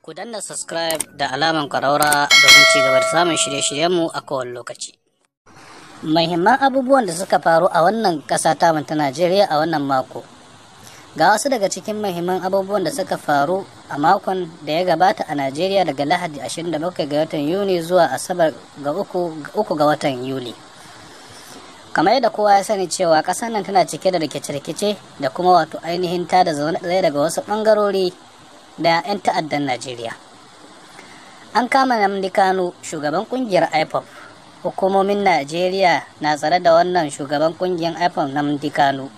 Ku danna subscribe da alaman ƙwaraura domin ci gaba da samun shirye-shiryenmu a kowane lokaci. Muhimman abubuwan da suka faru a wannan ƙasa ta ta Najeriya a wannan mako. Ga wasu daga cikin muhimman abubuwan da suka faru a makon da ya gabata a Najeriya daga Lahadi 27 ga watan Yuni zuwa Asabar ga uku ga watan Yuli. kamar yadda kowa ya sani cewa ƙasar nan tana cike da rikice-rikice da kuma wato ainihin ta da zaune ɗaya daga wasu ɓangarori da 'yan ta'addan najeriya an kama namdi kano shugaban kungiyar ipop hukumomin najeriya na tsare da wannan shugaban kungiyar ipop namdi kano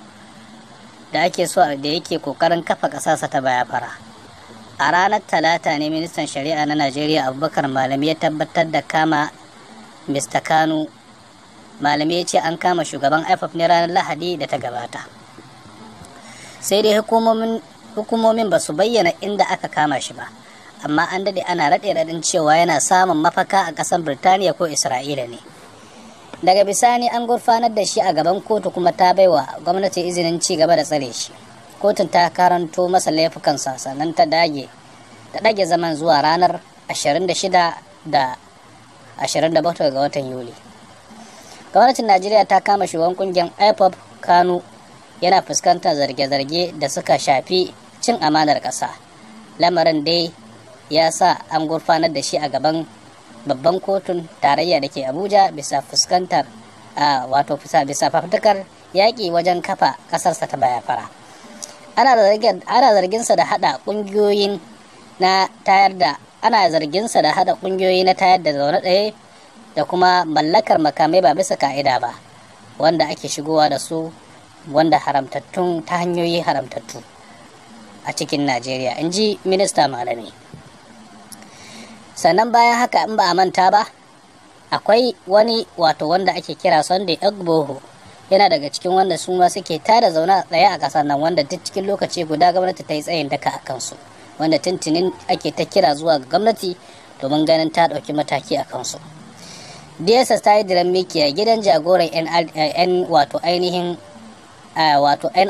da ake so da yake kokarin kafa kasarsa ta baya fara a ranar talata ne ministan shari'a na najeriya abubakar malami ya tabbatar da kama mr kano malami ya ce an kama shugaban ipop ne ranar lahadi da ta gabata sai dai hukumomin hukumomin ba su bayyana inda aka kama shi ba amma an dade ana raɗe raɗin cewa yana samun mafaka a ƙasar birtaniya ko isra'ila ne daga bisani an gurfanar da shi a gaban kotu kuma ta baiwa gwamnati izinin ci gaba da tsare shi kotun ta karanto masa laifukan sannan ta dage ta dage zaman zuwa ranar 26 da 27 ga watan yuli gwamnatin najeriya ta kama shugaban kungiyar ipop kano yana fuskantar zarge-zarge da suka shafi cin amanar ƙasa lamarin dai ya sa an gurfanar da shi a gaban babban kotun tarayya da ke abuja bisa fuskantar a wato bisa fafutukar yaƙi wajen kafa ƙasarsa ta baya fara. ana zarginsa da haɗa ƙungiyoyin na tayar da ana zarginsa da hada ƙungiyoyi na tayar da zaune ɗaya da kuma mallakar makamai ba bisa ka'ida ba wanda ake shigowa da su wanda haramtattun ta hanyoyi haramtattu a cikin najeriya in ji minista malami sannan bayan haka in ba a manta ba akwai wani wato wanda ake kira sunday agboho yana daga cikin wanda su ma suke tada zauna tsaye a ƙasar nan wanda duk cikin lokaci guda gwamnati ta yi tsayin daka a kansu wanda tuntunin ake ta kira zuwa ga gwamnati domin ganin ta ɗauki mataki a kansu dss ta yi diran mikiya gidan jagoran yan wato yan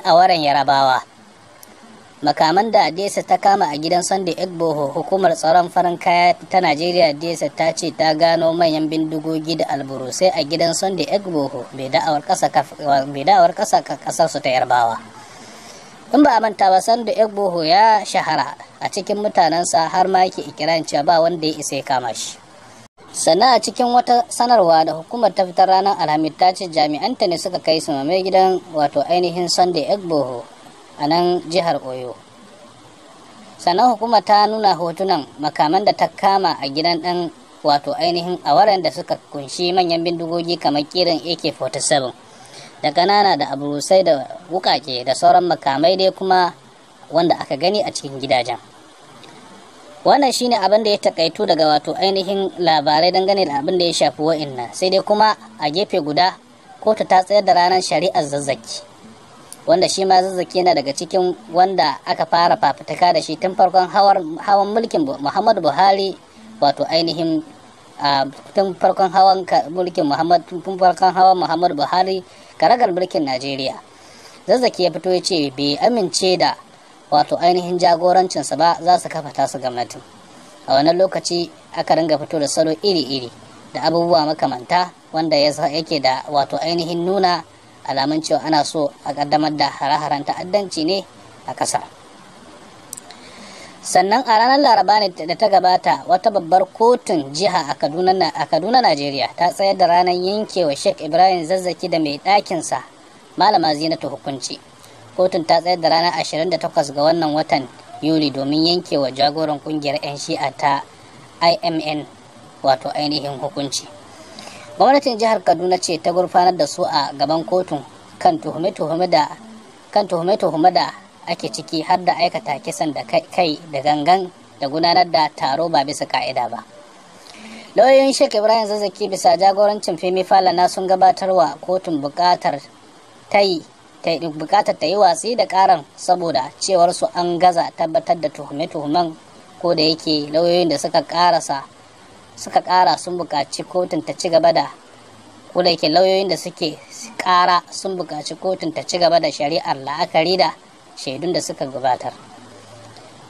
awaren yarabawa makaman da adesa ta kama a gidan sunday egboho hukumar tsaron farin kaya ta najeriya adesa ta ce ta gano manyan bindigogi da alburusai a gidan sunday egboho bai da'awar kasa kasar su ta yarbawa in ba a manta ba sunday egboho ya shahara a cikin mutanensa har ma yake ikiran cewa ba wanda ya isa ya kama shi sannan a cikin wata sanarwa da hukumar ta fitar ranar alhamis ta ce jami'anta ne suka kai su mamaye gidan wato ainihin sunday egboho a nan jihar oyo sannan hukumar ta nuna hotunan makaman da ta kama a gidan ɗan wato ainihin awaren da suka kunshi manyan bindigogi kamar kiran ak-47 da ƙanana da aburusai da wukake da sauran makamai dai kuma wanda aka gani a cikin gidajen wannan shine abin da ya takaitu daga wato ainihin labarai dangane da abin da ya shafi wa'in sai dai kuma a gefe guda kotu ta tsayar da ranar shari'ar zazzaki wanda shi ma zazzaki yana daga cikin wanda aka fara fafutuka da shi tun farkon hawan mulkin muhammadu buhari wato ainihin tun farkon hawan mulkin muhammadu tun farkon hawan muhammadu buhari karagar mulkin najeriya zazzaki ya fito ya ce bai amince da wato ainihin jagorancinsa ba za su kafa tasu gwamnatin a wannan lokaci aka ringa fito da salo iri-iri da abubuwa makamanta wanda yake da wato ainihin nuna alamun cewa ana so a kaddamar da hare-haren ta'addanci ne a ƙasar sannan a ranar laraba ne da ta gabata wata babbar kotun jiha a kaduna najeriya ta tsayar da ranar yankewa sheikh ibrahim zazzaki da mai ɗakinsa malama zinatu hukunci kotun ta tsayar da ranar 28 ga wannan watan yuli domin yankewa jagoran kungiyar 'yan shi'a ta imn wato ainihin hukunci gwamnatin jihar kaduna ce ta gurfanar da su a gaban kotun kan tuhume-tuhume da kan tuhume-tuhume da ake ciki har da aikata kisan da kai da gangan da gudanar da taro ba bisa ka'ida ba lauyoyin shek ibrahim zazzaki bisa jagorancin fimi falana sun gabatarwa kotun bukatar ta yi bukatar ta yi watsi da karan saboda cewar su an gaza tabbatar da tuhume-tuhumen ko da yake lauyoyin da suka karasa suka kara sun buƙaci kotun ta ci gaba da ko lauyoyin da suke kara sun buƙaci kotun ta ci gaba da shari'ar la'akari da shaidun da suka gabatar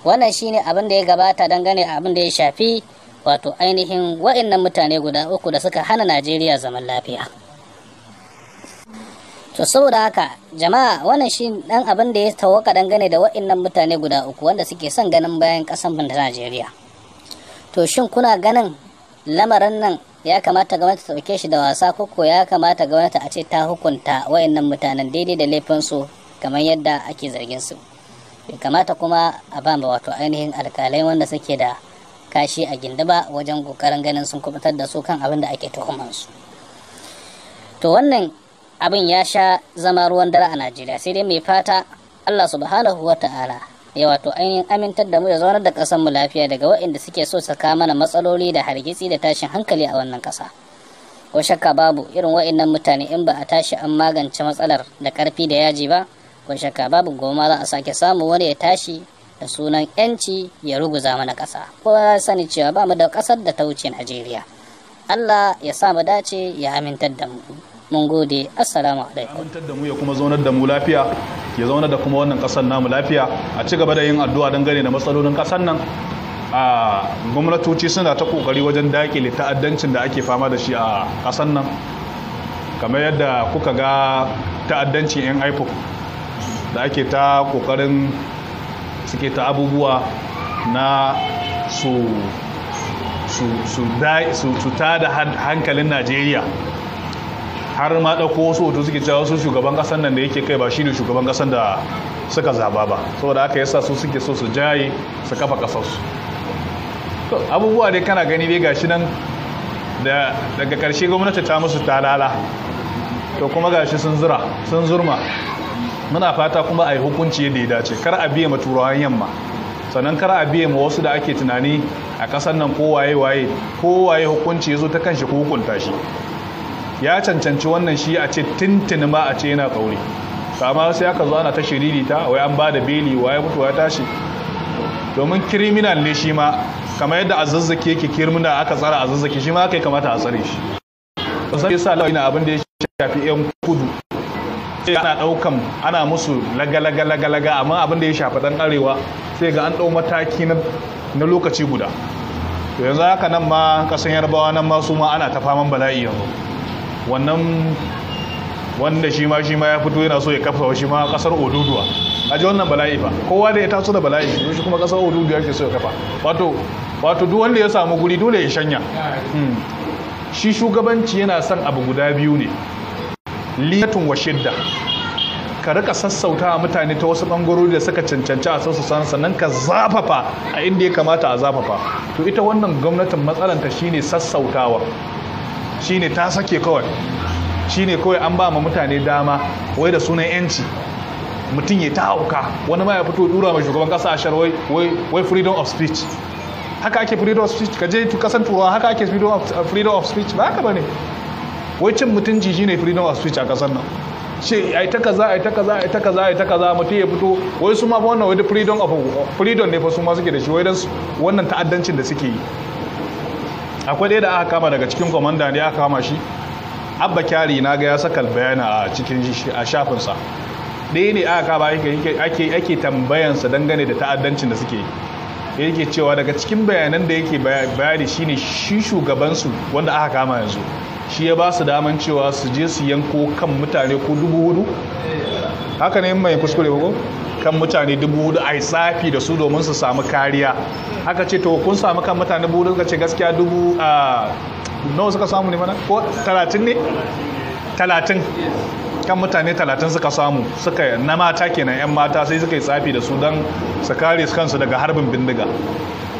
wannan shine abin da ya gabata dangane abin da ya shafi wato ainihin wa'annan mutane guda uku da suka hana najeriya zaman lafiya to saboda haka jama'a wannan shi dan abin da ya tawaka dangane da wa'annan mutane guda uku wanda suke son ganin bayan kasan najeriya to shin kuna ganin lamarin nan ya kamata gwamnati ta ɗauke shi da wasa koko ya kamata gwamnati a ce ta hukunta wayannan mutanen daidai da laifinsu kamar yadda ake zargin su bai kamata kuma a ba wato ainihin alkalai wanda suke da kashi a gindaba wajen kokarin ganin sun kubutar da su kan abin da ake tuhumar su to wannan abin ya sha zama ruwan dare a najeriya sai dai mai fata allah subhanahu wa ta'ala ya wato ainihin amintar da mu da zaunar da ƙasar mu lafiya daga waɗanda suke so saka mana matsaloli da hargitsi da tashin hankali a wannan kasa. ko shakka babu irin waɗannan mutane in ba a tashi an magance matsalar da ƙarfi da yaji ba ko shakka babu goma za a sake samu wani ya tashi da sunan yanci ya ruguza mana kasa. kowa ya sani cewa ba mu da ƙasar da ta wuce najeriya allah ya sa mu dace ya amintar da mu mun gode assalamu alaikum amintar da mu ya kuma zaunar da mu lafiya ya zaunar da kuma wannan kasar namu lafiya a ci gaba da yin addu'a dangane da matsalolin kasar nan a gwamnatoci suna ta kokari wajen dakile ta'addancin da ake fama da shi a kasar nan kamar yadda kuka ga ta'addancin 'yan ipo da ake ta kokarin suke ta abubuwa na su su su ta da hankalin najeriya har ma ɗauko wasu hoto suke cewa wasu shugaban ƙasar nan da yake kai ba shine shugaban ƙasar da suka zaba ba saboda haka yasa su suke so su jaye su kafa ƙasarsu abubuwa dai kana gani dai gashi nan da daga ƙarshe gwamnati ta musu talala to kuma gashi sun zura sun zurma muna fata kuma a yi hukunci yadda ya dace kar a biya ma turawan yamma sannan kar a biya ma wasu da ake tunani a ƙasar nan ko waye waye ko waye hukunci ya zo ta kanshi ko hukunta shi ya cancanci wannan shi a ce tintini ma a ce yana kauri kama sai aka zo ana ta shiririta wai an ba da beli ya mutu ya tashi domin kiriminal ne shi ma kamar yadda azazzaki yake kirmina aka tsara zazzake shi ma aka kamata a tsare shi wasan sa lawa ina abin da ya shafi yan kudu sai ana daukan ana musu laga-laga-laga-laga amma abin da ya shafi dan arewa sai ga an dau mataki na lokaci guda to yanzu haka nan ma kasan yarbawa nan ma su ma ana ta faman bala'i yanzu wannan wanda shi ma shi ma ya fito yana so ya kafa shi ma kasar oduduwa a ji wannan bala'i ba kowa da ya taso da bala'i shi kuma kasar oduduwa ke so ya kafa wato wato duk wanda ya samu guri dole ya shanya hmm. shi shugabanci yana son abu guda biyu ne liyatun wa shidda ka rika sassauta a mutane ta wasu bangarori da suka cancanci a sassu sana sannan ka zafafa a inda ya kamata a zafafa to ita wannan gwamnatin matsalanta shine sassautawa shine ta sake kawai shine kawai an ba ma mutane dama wai da sunan yanci mutum ya ta hauka wani ma ya fito dura mai shugaban kasa a sharwai wai freedom of speech haka ake freedom of speech ka je kasan turawa haka ake uh, freedom of speech ba haka ba ne wai cin mutunci shine freedom of speech a kasan nan ce ai ta kaza ai ta kaza ai ta kaza ai ta kaza mutum ya fito wai su ma wannan wai freedom of freedom ne fa su ma suke da shi wai dan wannan ta'addancin da suke yi akwai ɗaya da aka kama daga cikin komanda ne aka kama shi abba kyari na ga ya saka bayana a cikin shafinsa ɗaya ne aka kama ake ake tambayansa dangane da ta'addancin da suke yake cewa daga cikin bayanan da yake bayani shine shi shugabansu wanda aka kama yanzu shi ya ba su daman cewa su je su yanko kan mutane ko dubu hudu haka ne mai kuskure ko kan mutane dubu hudu a tsafi da su domin su samu kariya aka ce to kun samu kan mutane dubu hudu suka ce gaskiya dubu a nawa suka samu ne mana ko talatin ne talatin kan mutane talatin suka samu suka na mata kenan yan mata sai suka yi tsafi da su don su kare kansu daga harbin bindiga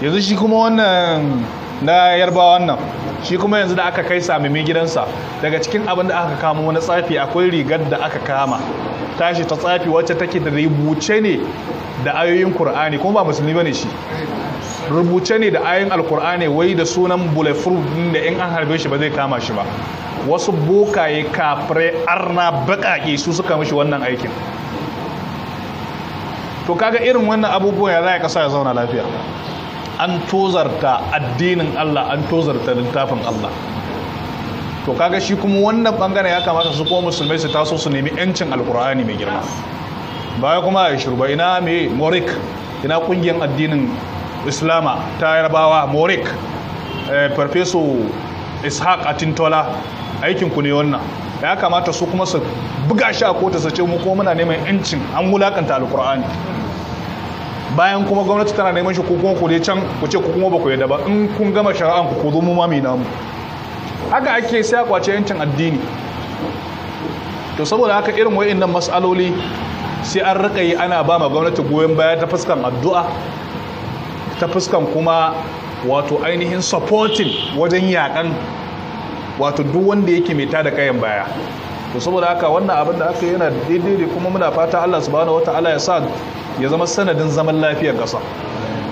yanzu shi kuma wannan na yarbawa wannan shi kuma yanzu da aka kai sami gidansa daga cikin abin da aka kama wani tsafi akwai rigar da aka kama tashi ta tsafi wacce take da rubuce ne da ayoyin Kur'ani kuma ba musulmi bane shi rubuce ne da ayoyin alkur'ani wai da sunan bulletproof din da in an harbe shi ba zai kama shi ba wasu bokaye kafirai arna baƙaƙe su suka mishi wannan aikin to kaga irin wannan abubuwa ya zai ƙasa ya zauna lafiya an tozarta addinin Allah an tozarta littafin Allah to kaga shi kuma wannan bangare ya kamata su kuma musulmai su taso su nemi yancin alkur'ani mai girma baya kuma a shirba ina mai morik ina kungiyar addinin islama ta yarbawa morik eh, farfeso ishaq atintola aikin ku ne wannan ya kamata su kuma su buga shi a kota su ce mu kuma muna neman yancin an wulakanta alkur'ani bayan kuma gwamnati tana neman shi ko kuma ku dai can ku ce ku kuma ba ku yadda ba in kun gama shari'an ku ku zo mu ma mai namu haka ake sai a kwace yancin addini to saboda haka irin wa'annan mas'aloli sai an rika yi ana ba ma gwamnati goyon baya ta fuskan addu'a ta fuskan kuma wato ainihin supporting wajen yakan wato duk wanda yake mai tada kayan baya to saboda haka wannan abin da aka yana daidai ne kuma muna fata Allah subhanahu wataala ya sa ya zama sanadin zaman lafiyar kasa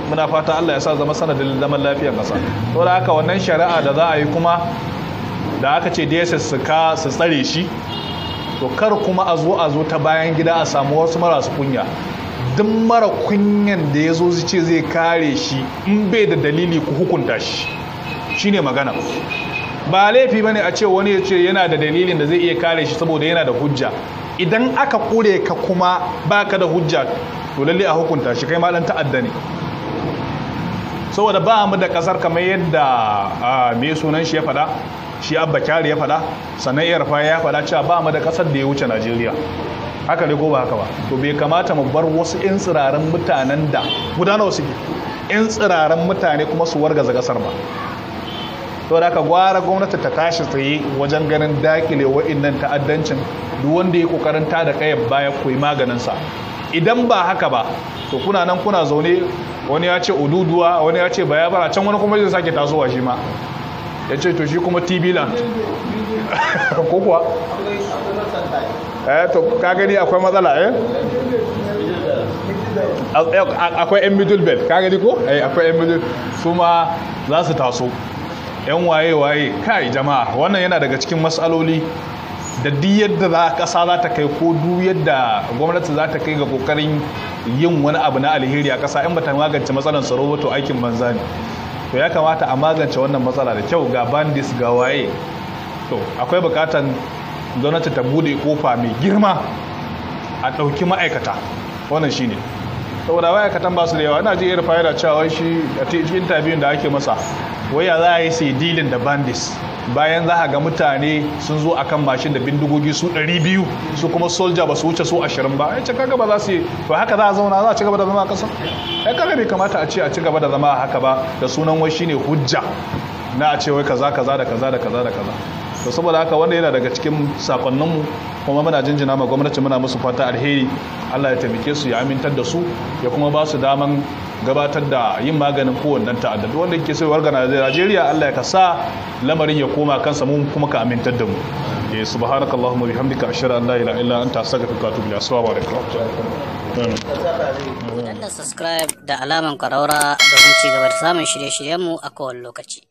muna fata Allah ya sa zama sanadin zaman lafiyar kasa saboda haka wannan shari'a da za a yi kuma da aka ce da ya ka su tsare shi to kar kuma a zo a zo ta bayan gida a samu wasu marasu kunya duk mara kunyan da ya zo ce zai kare shi in bai da dalili ku hukunta shi shine magana ba laifi ba ne a ce wani ya ce yana da dalilin da zai iya kare shi saboda yana da hujja idan aka kure ka kuma baka da hujja to lalle a hukunta shi kai ma dan ta'adda ne saboda ba mu da kasar kamar yadda ah, me sunan shi ya faɗa shi abba kyari ya fada sannan iya rafa ya fada cewa ba mu da kasar da ya wuce najeriya haka ne ko ba haka ba to bai kamata mu bar wasu in tsiraran mutanen da gudana wasu in tsiraran mutane kuma su wargaza ƙasar ba to da aka gwara gwamnati ta tashi tsaye wajen ganin dakile wa'innan ta'addancin duk wanda ya kokarin ta da kayan baya maganin sa idan ba haka ba to kuna nan kuna zaune wani ya ce ududuwa wani ya ce baya bara can wani kuma zai sake tasowa shi ma ya ce to shi kuma tv land ko kuwa eh to ka gani akwai matsala eh akwai yan middle belt ka gani ko eh akwai yan middle su ma za su taso yan waye waye kai jama'a wannan yana daga cikin matsaloli da duk yadda za ƙasa za ta kai ko duk yadda gwamnati za ta kai ga kokarin yin wani abu na alheri a ƙasa in ba ta magance matsalar tsaro ba to aikin banza ne to ya kamata a magance wannan matsala da kyau ga bandis ga waye to akwai bukatan gwamnati ta bude kofa mai girma a ɗauki ma'aikata wannan shine ne saboda baya katan ba su da yawa ina ji irin fayar da cewa shi a cikin interview da ake masa waya za a yi sai dilin da bandits bayan za a ga mutane sun zo a kan mashin da bindigogi su 200 su kuma soldier ba su wuce su 20 ba ai cika gaba za su to haka za a zauna za a ci gaba da zama a ƙasa ai kaga bai kamata a ce a ci gaba da zama haka ba da sunan wai shine hujja na a ce wai kaza kaza da kaza da kaza da kaza to saboda haka wanda yana daga cikin sakonninmu kuma muna jinjina ma gwamnati muna musu fata alheri Allah ya taimake su ya amintar da su ya kuma ba su daman gabatar da yin maganin kowannen ta'adda wanda yake sai warga Najeriya Allah ya kasa lamarin ya koma kansa mun kuma ka amintar da mu ya eh, subhanaka allahumma bihamdika ashhadu an la ilaha illa anta astaghfiruka wa atubu ilayk assalamu alaikum danna subscribe da alaman karaura don ci gaba da samun shirye-shiryenmu a kowane lokaci